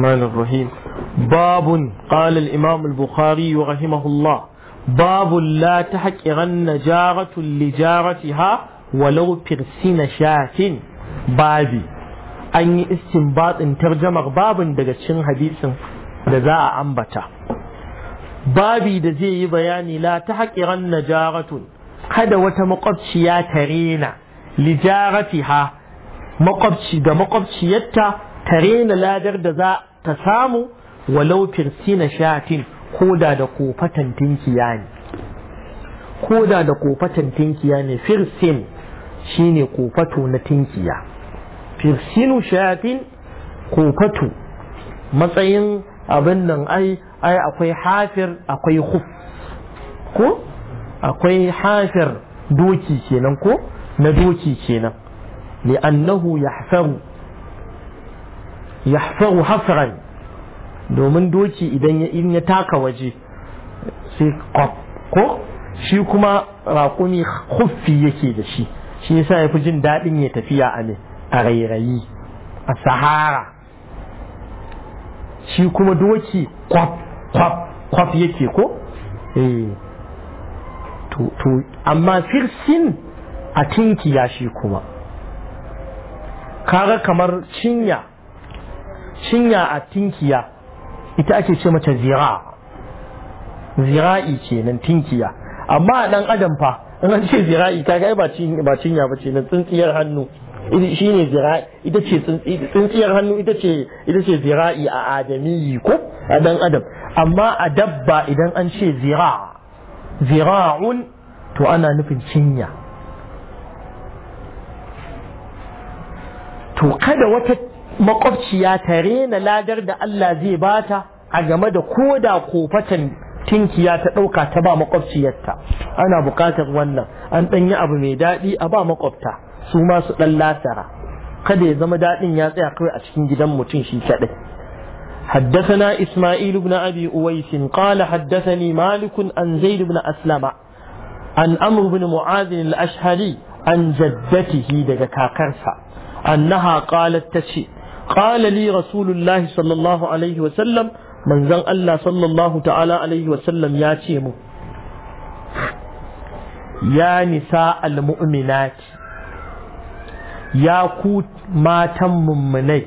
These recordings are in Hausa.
الرحمن الرحيم باب قال الإمام البخاري رحمه الله باب لا تحقرن جارة لجارتها ولو فرسين شاة بابي أن استنباط ان ترجم باب دقشن حديث لذا أنبتا بابي دزي بياني لا تحقرن جارة kada wata makwabciya ta rena lijaratiha makwabci ga makwabciyarta ta rena ladar da za ta samu walau firsina shatin koda da kofatan tinkiya ne koda da kofatan tinkiya ne firsin shine kofato na tinkiya firsinu shatin kofato matsayin abin nan ai ai akwai hafir akwai huf ko akwai hafir doki kenan ko na doki kenan annahu yahfaru hafaru hasran domin doki idan ya in ya taka waje sai kwaf ko shi kuma raƙumi kufi yake da shi shi yasa ya fi jin daɗin ya tafiya a ne a rairayi a sahara shi kuma doki kwaf kwaf kwaf yake ko eh to amma firsin a tinkiya shi kuma kaga kamar cinya cinya a tinkiya ita ake ce mata zira zira'i ce nan tinkiya amma a dan adam fa in an ce zira'i ta kai ba cinya ba ce nan tsintsiyar hannu shi ne zira'i ita ce tsintsiyar hannu ita ce ita ce zira'i a adamiyi ko a dan adam amma a dabba idan an ce zira zira'un to ana nufin cinya to kada wata makwabciya ta rena ladar da Allah zai bata a game da koda kofatan tinkiya ta ɗauka ta ba makwabciyarta ana buƙatar wannan an ɗan yi abu mai daɗi a ba makwabta su ma su ɗan lasara kada ya zama daɗin ya tsaya kawai a cikin gidan mutum shi kaɗai حدثنا إسماعيل بن أبي أويس قال حدثني مالك عن زيد بن أسلم عن أمر بن معاذ الأشهري عن جدته دقا أنها قالت تشي Ƙalali li sallallahu alaihi wa sallam manzon Allah sallallahu ta'ala alaihi wa sallam ya ce mu ya nisa almu'minat ya ku matan mummunai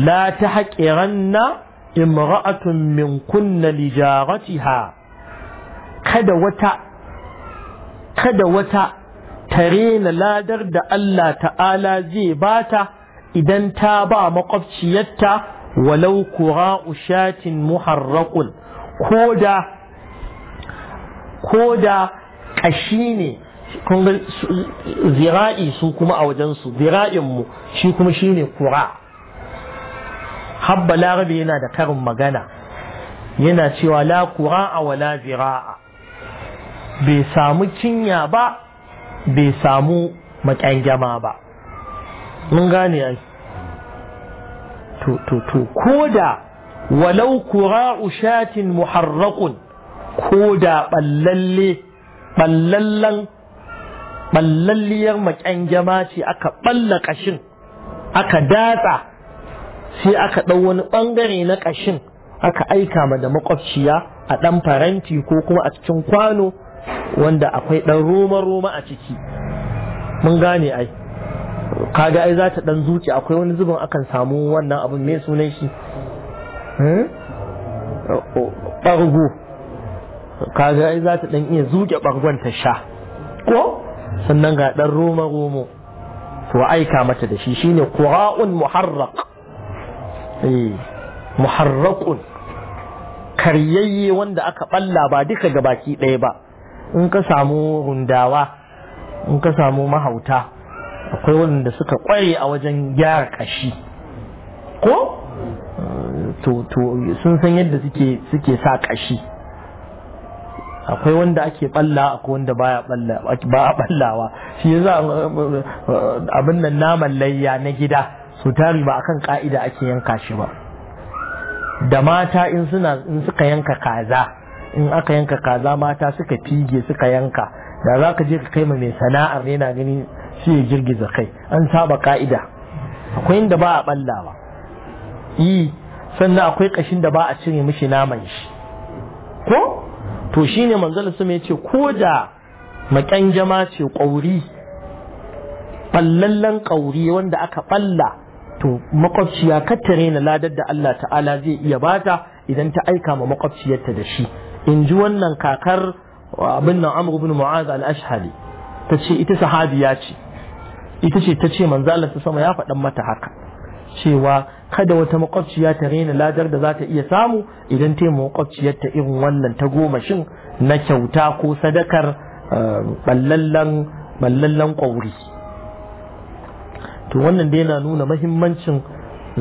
la ta haƙiranna imra'atun min kunna lijaratiha kada wata ta rena ladar da Allah ta'ala zai bata idan ta ba makwabciyarta walau kura ushatin muharraqun Ko da ƙashi ne zira'i su kuma a wajensu Zira'inmu shi kuma ne kura habba larabe yana da karin magana yana cewa la kura a wala zira'a bai samu cinya ba bai samu makyangyama ba mun gane ai to to ko da walau shatin muharraqun koda ballalle ballallan ɓallalliyar makyangyama ce aka ɓalla ƙashin aka datsa sai aka ɗau wani ɓangare na ƙashin aka aika ma da makwabciya a ɗan faranti ko kuma a cikin kwano wanda akwai ɗan roma-roma a ciki mun gane ai kaga ai za ta ɗan zuci akwai wani zubin akan samu wannan abin mai sunan shi hmm? ɓargo kaga ai za ta ɗan iya zuke ɓargon ta sha ko sannan ga ɗan roma-romo to aika mata da shi shine qura'un muharraq eh muharraqun karyayye wanda aka balla ba duka gabaki ɗaya ba in ka samu rundawa in ka samu mahauta akwai wanda suka kware a wajen gyara kashi ko to sun san yadda suke sa kashi akwai wanda ake balla akwai wanda ba a ballawa shi yasa abin nan naman layya na gida su tari ba akan ka'ida ake yanka shi ba da mata in suka yanka kaza in aka yanka kaza mata suka fige suka yanka da za ka je ka kai ma mai sana'ar na gani shi ya girgiza kai an saba ka'ida akwai inda ba a ballawa yi e, sannan akwai kashin da ba a cire mishi naman shi ko to shi ne manzala sama ya ce ko da jama ce ƙauri ballallen ƙauri wanda aka balla to ya kattare na ladar da Allah ta'ala zai iya bata idan ta aika ma makwabciyarta da shi in ji wannan kakar abin nan amru bin mu'az al-ashhali ta ce ita sahabiya ce ita ce ta ce manzo Allah ta sama ya faɗan mata haka cewa kada wata makwabciya ta raina ladar da za ta iya samu idan ta yi makwabciyarta irin wannan ta goma shin na kyauta ko sadakar eh, ballallan ƙwauri to wannan dai yana nuna mahimmancin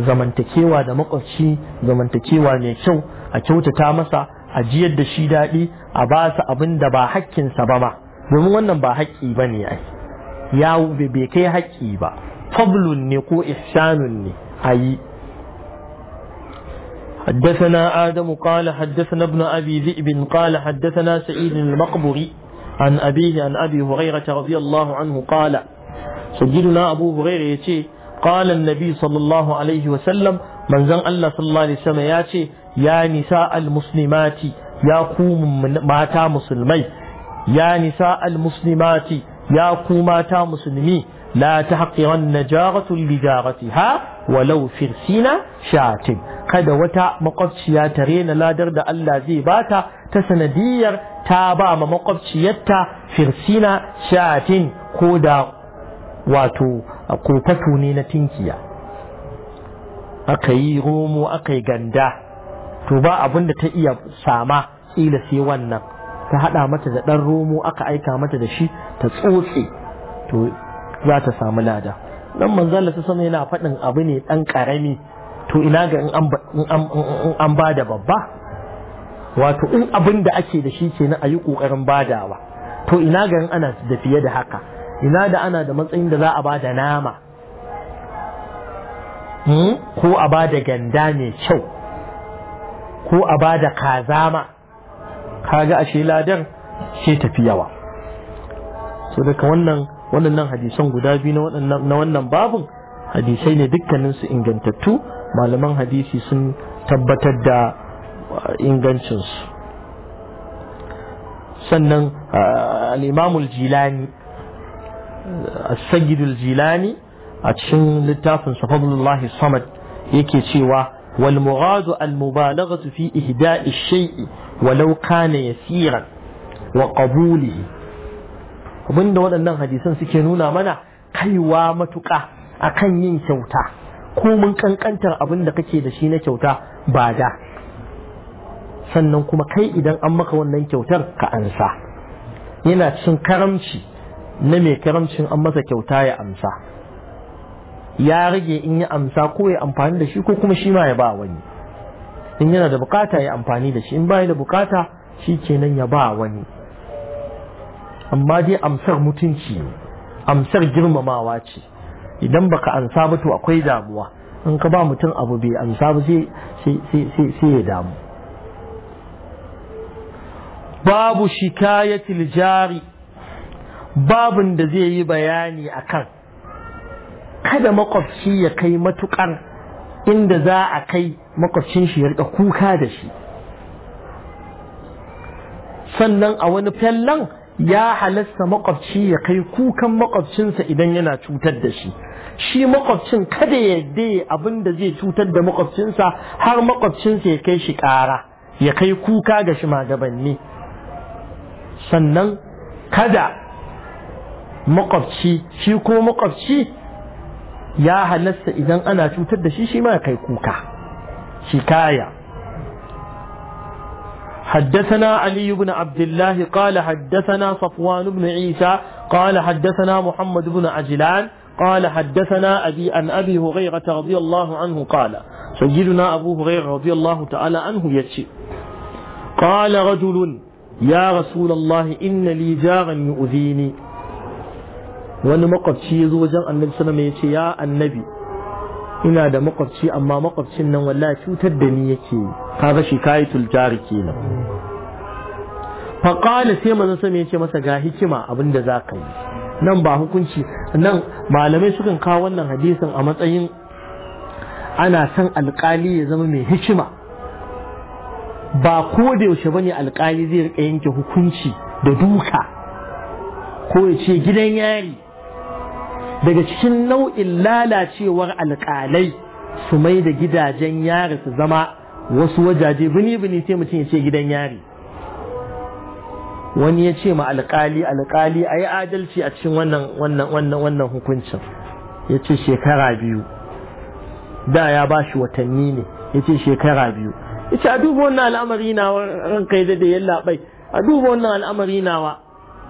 zamantakewa da makwabci zamantakewa mai kyau a kyautata masa a jiyar da shi daɗi a ba su abin da ba haƙƙinsa ba ma domin wannan ba haƙƙi ba ne ai ya bai kai haƙƙi ba fablun ne ko ihsanun ne a yi حدثنا آدم قال حدثنا ابن أبي ذئب قال حدثنا سعيد المقبري عن أبيه عن أبي هريرة رضي الله عنه قال سجدنا أبو هريرة قال النبي صلى الله عليه وسلم من زن الله صلى الله عليه وسلم ياتي يا نساء المسلمات يا قوم ماتا مسلمي يا نساء المسلمات يا قوم ماتا مسلمي لا تحقرن نجارة لجارتها ولو فرسينا شاتم قد وتا مقفشيا ترين لا درد الذي باتا تسندير تابا مقفشيا فرسينا شاتم قودا واتو قوبتوني نتنكيا أقي روم وأقي جنده to ba abin da ta iya sama ila sai wannan ta haɗa mata da ɗan romo aka aika mata da shi ta tsotse to za ta samu lada dan manzon Allah sama yana faɗin abu ne ɗan ƙarami to ina ga in an ba da babba wato in abin da ake da shi kenan a yi ƙoƙarin badawa to ina ga in ana da fiye da haka ina da ana da matsayin da za a ba da nama hmm? ko a ba da ganda mai kyau ko a ba da kaza ma kaga ashe ladan ke tafi yawa so daga wannan waɗannan hadisan guda biyu na wannan babun hadisai ne dukkaninsu ingantattu malaman hadisi sun tabbatar da uh, ingancinsu sannan uh, al'imamul jilani uh, sagidul jilani a cikin littafin fadlullahi samad yake cewa والمغاد المبالغة في إهداء الشيء ولو كان يسيرا وقبوله abin da waɗannan hadisan suke nuna mana kaiwa matuƙa akan yin kyauta ko mun kankantar abin da kake da shi na kyauta ba da sannan kuma kai idan an maka wannan kyautar ka ansa yana cin karamci na mai karamcin an masa kyauta ya amsa ya rage in yi amsa ko ya amfani da shi ko kuma shi ma ya ba wani in yana da bukata ya amfani da shi in ba da bukata shi kenan ya ba wani amma dai amsar mutunci ne amsar girmamawa ce idan baka amsa ba to akwai damuwa in ka ba mutum abu bai amsa ba sai ya damu babu shikayatil jari babin da zai yi bayani akan kada makwabci ya kai matuƙar inda za a kai makwabcin shi ya rika kuka da shi sannan a wani fallon ya halasta makwabci ya kai kukan makwabcinsa idan yana cutar da shi shi makwabcin kada ya yadda abin da zai cutar da makwabcinsa har makwabcinsa ya kai shi ƙara ya kai kuka ga shi magabanni sannan kada makwabci shi ko makwabci ya halasta idan ana cutar da shi shi ma kai kuka shikaya حدثنا علي بن عبد الله قال حدثنا صفوان بن عيسى قال حدثنا محمد بن عجلان قال حدثنا أبي عن أبي هريرة رضي الله عنه قال سيدنا أبو هريرة رضي الله تعالى عنه يتشي قال رجل يا رسول الله إن لي جارا يؤذيني wani makwabci ya zo wajen annabi sallama ya ce ya annabi ina da makwabci amma makwabcin nan wallahi cutar da ni yake ka kaga shi kayitul jari kenan faƙala sai manzo sallama ya ce masa ga hikima abinda da za yi nan ba hukunci nan malamai sukan kawo wannan hadisin a matsayin ana son alƙali ya zama mai hikima ba ko da yaushe bane alƙali zai rika yanke hukunci da duka ko ya ce gidan yari daga cikin nau'in lalacewar alƙalai su mai da gidajen yari su zama wasu wajaje bini-bini sai mutum ya ce gidan yari wani ya ce ma alƙali alƙali a yi adalci a cikin wannan wannan wannan wannan hukuncin ya ce shekara biyu da ya ba shi watanni ne ya ce shekara biyu ya ce a duba wannan al'amari nawa ranka da da yalla bai a duba wannan al'amari nawa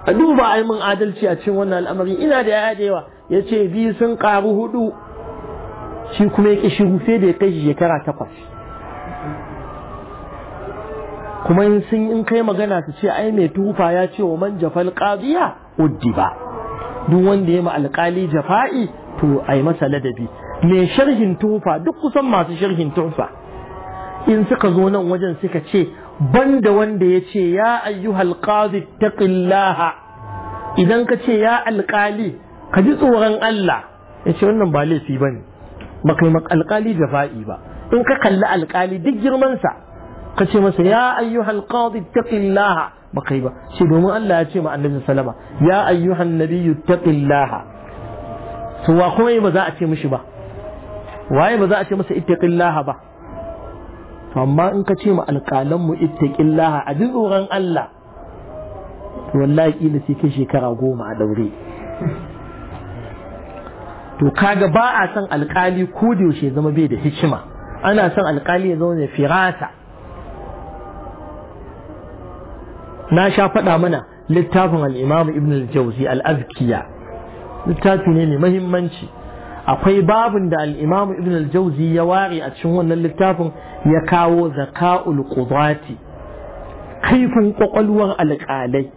a duba a adalci a cikin wannan al'amari ina da yaya da yawa ya ce biyu sun ƙaru hudu shi kuma ya ƙi shiru sai da ya kai shekara takwas kuma in sun in kai magana su ce ai mai tufa ya ce wa man jafal qadiya ba duk wanda ya ma alƙali jafa'i to ai masa ladabi mai sharhin tufa duk kusan masu sharhin tufa in suka zo nan wajen suka ce banda wanda ya ce ya ayyuhal qadi taqillaha idan ka ce ya alƙali ka ji tsoron Allah ya ce wannan ba laifi ba ne ba kai alƙali da fa'i ba in ka kalli alƙali duk girmansa ka ce masa ya ayyuhal qadi taqillaha ba kai ba ce domin Allah ya ce ma annabi salama ya ayyuhan nabiyyu taqillaha to wa kuma ba za a ce mishi ba waye ba za a ce masa ittaqillaha ba to amma in ka ce ma alƙalan mu ittaqillaha a ji tsoron Allah wallahi kila sai kai shekara goma a daure to kaga ba a son alkali ko da yaushe zama bai da hikima ana son alkali ya zama mai firasa na sha faɗa mana littafin al'imamu ibn al-jauzi al-azkiya littafi ne mai mahimmanci akwai babin da al'imamu ibn al-jauzi ya ware a cikin wannan littafin ya kawo zaka'ul qudati kaifin kwakwalwar alƙalai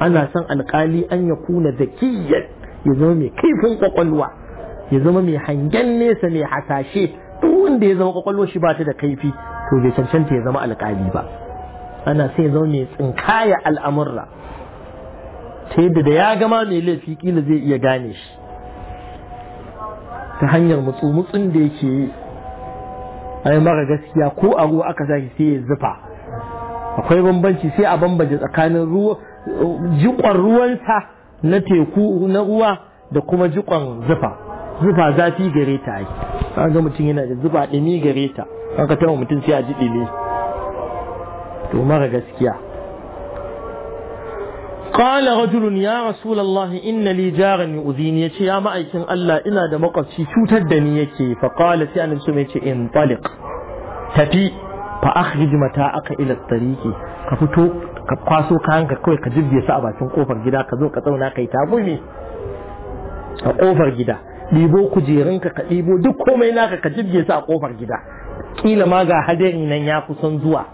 ana son alƙali an ya kuna zakiyyar ya zama mai kaifin kwakwalwa ya zama mai hangen nesa mai hasashe duk wanda ya zama kwakwalwa shi ba ta da kaifi to bai cancanta ya zama alƙali ba ana sai ya zama mai tsinkaya al'amurra ta yadda da ya gama mai laifi kila zai iya gane shi ta hanyar mutsu-mutsun da yake yi ai mara gaskiya ko a ruwa aka sake sai ya zufa akwai bambanci sai a bambance tsakanin ruwa jikon ruwansa na teku na ruwa da kuma jikon zufa zufa zafi gare ta ake kan ga mutum yana da zufa ɗimi gare ta ka tamu mutum sai a ji ɗimi to mara gaskiya ƙwala rajulun ya rasulallah lallahi ina le jarin ya ne ya ce ya ma'aikin Allah ina da maƙwabci cutar da ni yake faƙwala sai anin su mai in ɓalik tafi fa a ƙi mata aka ila tsariki ka fito ka kwaso kayan ka kawai ka jirgin sa a bakin ƙofar gida ka zo ka tsauna ka yi tagumi a ƙofar gida ɗibo kujerunka ka ɗibo duk komai naka ka jirge su a ƙofar gida Ƙila ma ga hadari nan ya kusan zuwa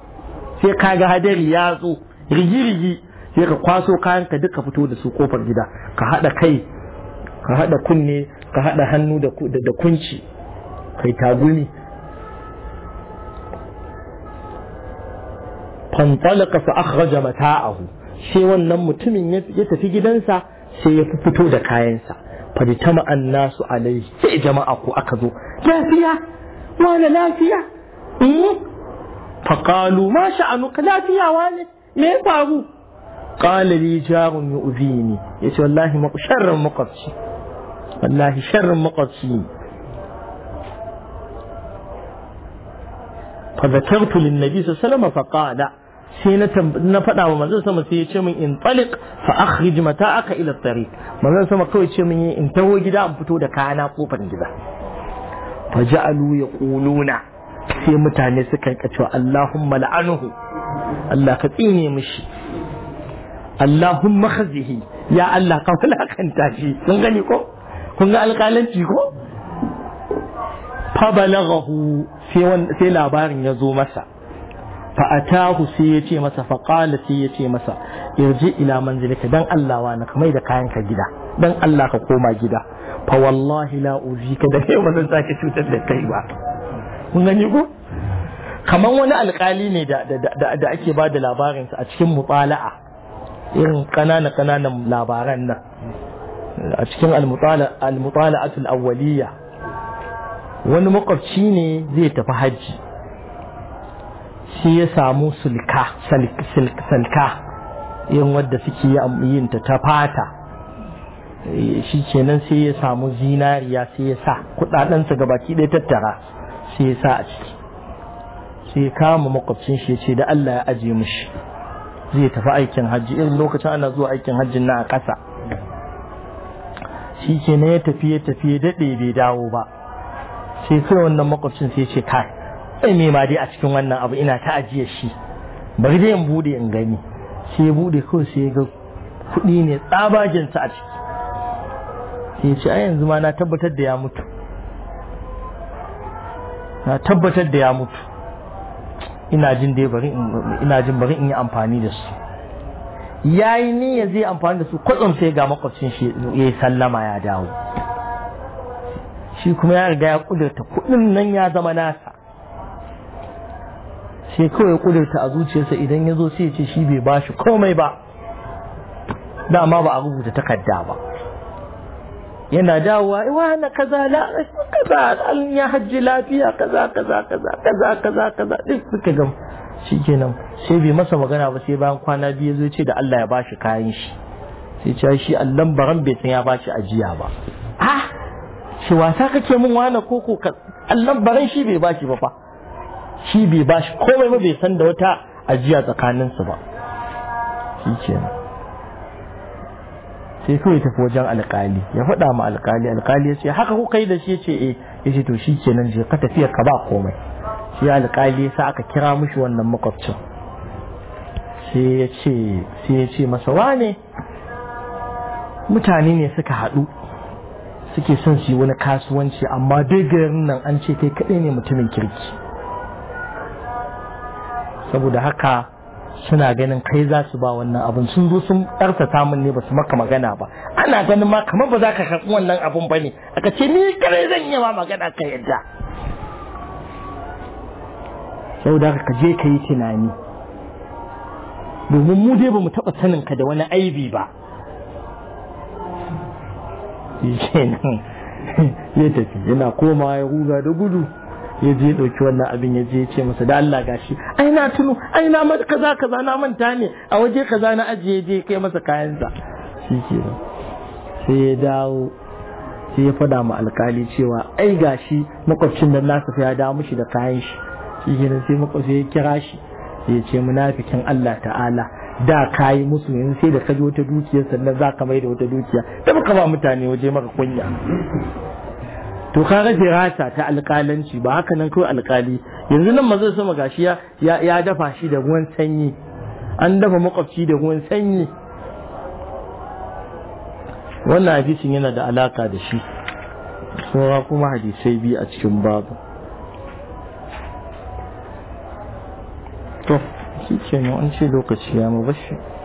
sai ka ga hadari ya zo rigirigi sai ka kwaso kayan ka duka fito da su ƙofar gida ka haɗa kai ka haɗa kunne ka haɗa hannu da kunci kai tagumi fantalaka fa akhraja mata'ahu sai wannan mutumin ya tafi gidansa sai ya fito da kayansa faditama annasu alaihi sai jama'a ko aka zo lafiya Wala lafiya hmm? faƙalu ma ka lafiya wane? me ya faru qala li jarun Ya yace wallahi ma sharrin makwabci wallahi sharrin makwabci fa zakartu lin nabi sallallahu alaihi wasallam fa qala sai na na faɗa wa manzon sama sai ya ce min in talik fa akhrij mata'aka ila tariq manzon sama kawai ce min in taho gida in fito da kana kofar gida fa ja'alu yaquluna sai mutane suka yi cewa Allahumma la'anuhu Allah ka tsine mishi Allahumma khazihi ya Allah ka wulakanta shi kun gani ko kun ga alƙalanci ko fa balaghahu sai labarin ya zo masa fa'atahu sai ya ce masa faƙala sai ya ce masa irji ila manzilika dan Allah wa na kamai da kayan ka gida dan Allah ka koma gida fa wallahi la uzika da kai ba sake cutar da kai ba kun gani ko kamar wani alƙali ne da da ake ba da labarinsa a cikin mutala'a irin ƙanana ƙananan labaran nan a cikin al-mutala'atul awwaliyya wani makwabci ne zai tafi hajji shi ya samu sulka sulka yin wadda suke yin ta ta fata eh, shi kenan sai ya samu zinariya sai ya sa ga gabaki ɗaya tattara sai ya sa a ciki sai kama makwabcin shi ya ce da Allah ya aje mushi zai tafi aikin hajji irin lokacin ana zuwa aikin hajjin na a ƙasa shi kenan ya tafi ya tafi ya daɗe bai dawo ba sai sai wannan makwabcin sai ya ce kai akwai me ma dai a cikin wannan abu ina ta ajiye shi bari dai in bude in gani sai ya bude kawai sai ya ga kuɗi ne tsabagen ta a ciki sai ya ce ai yanzu ma na tabbatar da ya mutu na tabbatar da ya mutu ina jin dai bari ina jin bari in yi amfani da su yayi ya zai amfani da su kwatsam sai ga makwabcin shi yi sallama ya dawo shi kuma ya riga ya kudurta kudin nan ya zama nasa sai kawai kudurta a zuciyarsa idan ya zo sai ce shi bai ba shi komai ba dama ba a rubuta takarda ba yana dawowa iwa eh, na kaza la kaza al ya hajji lafiya kaza kaza kaza kaza kaza kaza duk suka gam shikenan sai bai masa magana ba sai bayan kwana biyu zai ce da Allah ya bashi kayan shi sai ce shi Allah baran bai san ya bashi ajiya ba ah shi wasa kake min wani koko ka Allah baran shi bai bashi ba fa shi bai ba shi komai ba bai san da wata ajiya tsakaninsu ba shi kenan sai kawai tafi wajen alkali ya faɗa ma alkali alkali ya ce haka kuka yi da shi ce eh ya ce to shi nan je ka tafiya ka ba komai shi alkali sa aka kira mushi wannan makwabcin sai ya ce sai ya ce masa wane mutane ne suka haɗu suke son su yi wani kasuwanci amma dai garin nan an ce kai kaɗai ne mutumin kirki saboda haka suna ganin kai za su ba wannan abin sun zo sun ƙarfata min ne ba su maka magana ba ana ganin ma kamar ba za ka karɓi wannan abin ba ne aka ce ni kare zan yi ma magana ka yadda saboda haka ka je ka yi tunani domin mu dai ba mu taɓa sanin ka da wani aibi ba ya tafi yana komawa ya huga da gudu ya je ɗauki wannan abin ya je ya ce masa da Allah gashi ai na tuno ai na mata kaza kaza na manta ne a waje kaza na ajiye je kai masa kayansa shi ke sai ya dawo sai ya fada ma alkali cewa ai gashi makwabcin nan nasa ya dawo mishi da kayan shi shi ke sai makwabci ya kira shi ya ce munafikin Allah ta'ala da kayi yi musu in sai da ka ji wata dukiyar sannan za ka mai da wata dukiya da baka ba mutane waje maka kunya to kaga firasa ta alƙalanci ba haka nan kawai alƙali yanzu nan mazo sama gashi ya ya dafa shi da ruwan sanyi an dafa makwabci da ruwan sanyi wannan hadisin yana da alaka da shi saura kuma hadisai biyu a cikin babu to shi ke an ce lokaci ya mu bashi